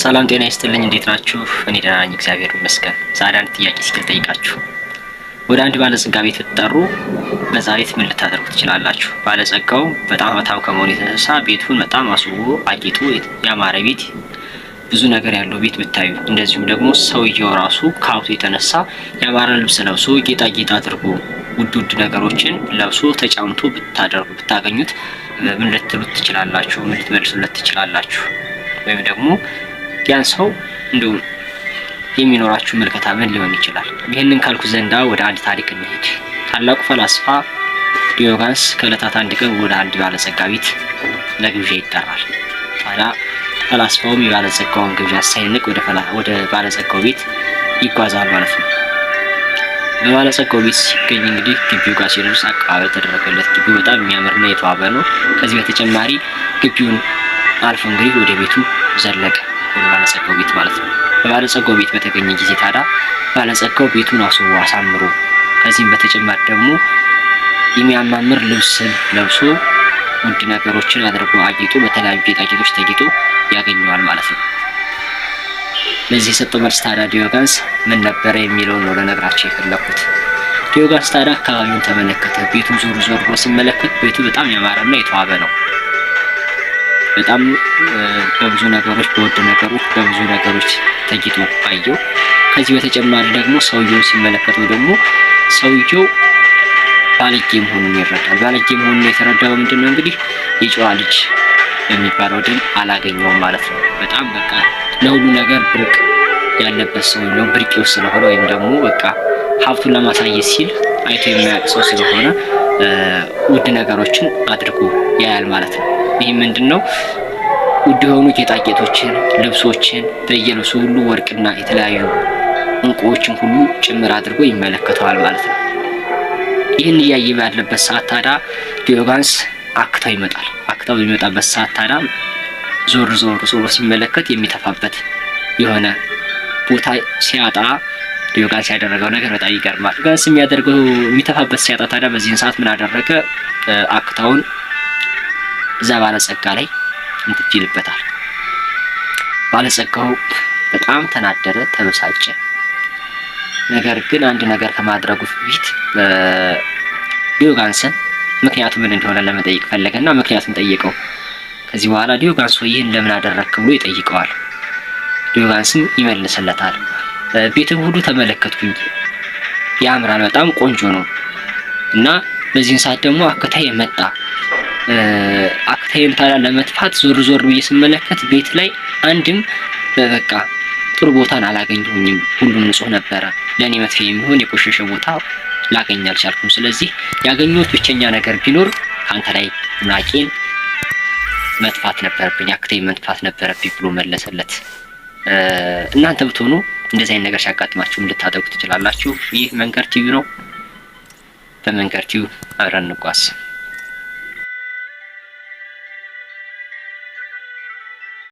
ሰላም ጤና ይስጥልኝ። እንዴት ናችሁ? እኔ ደህና ነኝ፣ እግዚአብሔር ይመስገን። ዛሬ አንድ ጥያቄ ሲል ጠይቃችሁ ወደ አንድ ባለጸጋ ቤት ብትጠሩ በዛ ቤት ምን ልታደርጉ ትችላላችሁ? ባለጸጋው በጣም ሀብታም ከመሆኑ የተነሳ ቤቱን በጣም አስውቦ አጌጦ ያማረ ቤት፣ ብዙ ነገር ያለው ቤት ብታዩ፣ እንደዚሁም ደግሞ ሰውየው ራሱ ከሀብቱ የተነሳ ያማረ ልብስ ለብሶ ጌጣጌጥ አድርጎ ውድ ውድ ነገሮችን ለብሶ ተጫምቶ ብታደርጉ ብታገኙት ምን ልትሉት ትችላላችሁ? ምን ልትመልሱለት ትችላላችሁ? ወይም ደግሞ ያን ሰው እንዲሁ የሚኖራችሁ ምልከታ ምን ሊሆን ይችላል? ይህንን ካልኩ ዘንዳ ወደ አንድ ታሪክ እንሄድ። ታላቁ ፈላስፋ ዲዮጋንስ ከዕለታት አንድ ቀን ወደ አንድ ባለጸጋ ቤት ለግብዣ ይጠራል። ታዲያ ፈላስፋውም የባለጸጋውን ግብዣ ሳይንቅ ወደ ባለጸጋው ቤት ይጓዛል ማለት ነው። በባለጸጋው ቤት ሲገኝ እንግዲህ ግቢው ጋር ሲደርስ አቀባበል ተደረገለት። ግቢው በጣም የሚያምርና የተዋበ ነው። ከዚህ በተጨማሪ ግቢውን አልፎ እንግዲህ ወደ ቤቱ ዘለቀ። ወደ ቤት ማለት ነው። በባለጸጋው ቤት በተገኘ ጊዜ ታዲያ ባለጸጋው ቤቱን አስቦ አሳምሮ ከዚህም በተጨማሪ ደግሞ የሚያማምር ልብስን ለብሶ ውድ ነገሮችን አድርጎ አጌጦ በተለያዩ ጌጣጌጦች ተጌጦ ያገኘዋል ማለት ነው። ለዚህ የሰጠው መልስ ታዲያ ዲዮጋንስ ምን ነበረ የሚለውን ነው ለነግራቸው የፈለኩት። ዲዮጋንስ ታዲያ አካባቢውን ተመለከተ። ቤቱን ዞር ዞር ብሎ ሲመለከት ቤቱ በጣም ያማረና የተዋበ ነው። በጣም በብዙ ነገሮች በውድ ነገሮች በብዙ ነገሮች ተጊጦ ባየው። ከዚህ በተጨማሪ ደግሞ ሰውየውን ሲመለከተው ደግሞ ሰውየው ባለጌ መሆኑን ይረዳል። ባለጌ መሆኑን የተረዳው ምንድን ነው እንግዲህ የጨዋ ልጅ የሚባለው ድን አላገኘውም ማለት ነው። በጣም በቃ ለሁሉ ነገር ብርቅ ያለበት ሰው ነው። ብርቄው ስለሆነ ወይም ደግሞ በቃ ሀብቱን ለማሳየት ሲል አይቶ የማያውቅ ሰው ስለሆነ ውድ ነገሮችን አድርጎ ያያል ማለት ነው። ይህ ምንድን ነው? ውድ የሆኑ ጌጣጌጦችን፣ ልብሶችን በየልብሱ ሁሉ ወርቅና የተለያዩ እንቁዎችን ሁሉ ጭምር አድርጎ ይመለከተዋል ማለት ነው። ይህን እያየ ባለበት ሰዓት ታዲያ ዲዮጋንስ አክተው ይመጣል። አክተው በሚመጣበት ሰዓት ታዲያ ዞር ዞር ዞር ሲመለከት የሚተፋበት የሆነ ቦታ ሲያጣ ዲዮጋንስ ያደረገው ነገር በጣም ይገርማል። ዲዮጋንስ የሚያደርገው የሚተፋበት ሲያጣ ታዲያ በዚህን ሰዓት ምን አደረገ? አክታውን እዛ ባለጸጋ ላይ እንትፍ ይልበታል። ባለጸጋው በጣም ተናደረ፣ ተበሳጨ። ነገር ግን አንድ ነገር ከማድረጉ ፊት ዲዮጋንስን ምክንያቱ ምን እንደሆነ ለመጠየቅ ፈለገና ምክንያቱን ጠየቀው። ከዚህ በኋላ ዲዮጋንስ ይህን ለምን አደረግክ ብሎ ይጠይቀዋል። ዲዮጋንስም ይመልስለታል። ቤትም ሁሉ ተመለከትኩኝ፣ ያምራል፣ በጣም ቆንጆ ነው እና በዚህን ሰዓት ደግሞ አክታ የመጣ አክታይም ታዲያ ለመጥፋት ዞር ዞር ብዬ ስመለከት ቤት ላይ አንድም በበቃ ጥሩ ቦታን አላገኘሁኝም። ሁሉም ንጹህ ነበረ። ለእኔ መጥፊያ የሚሆን የቆሸሸ ቦታ ላገኝ አልቻልኩም። ስለዚህ ያገኘሁት ብቸኛ ነገር ቢኖር ከአንተ ላይ ናቄን መጥፋት ነበረብኝ፣ አክታይም መጥፋት ነበረብኝ ብሎ መለሰለት። እናንተ ብትሆኑ እንደዚህ አይነት ነገር ሲያጋጥማችሁ ልታደርጉ ትችላላችሁ። ይህ መንገድ ቲቪ ነው። በመንገድ ቲቪ አብረን እንጓዝ።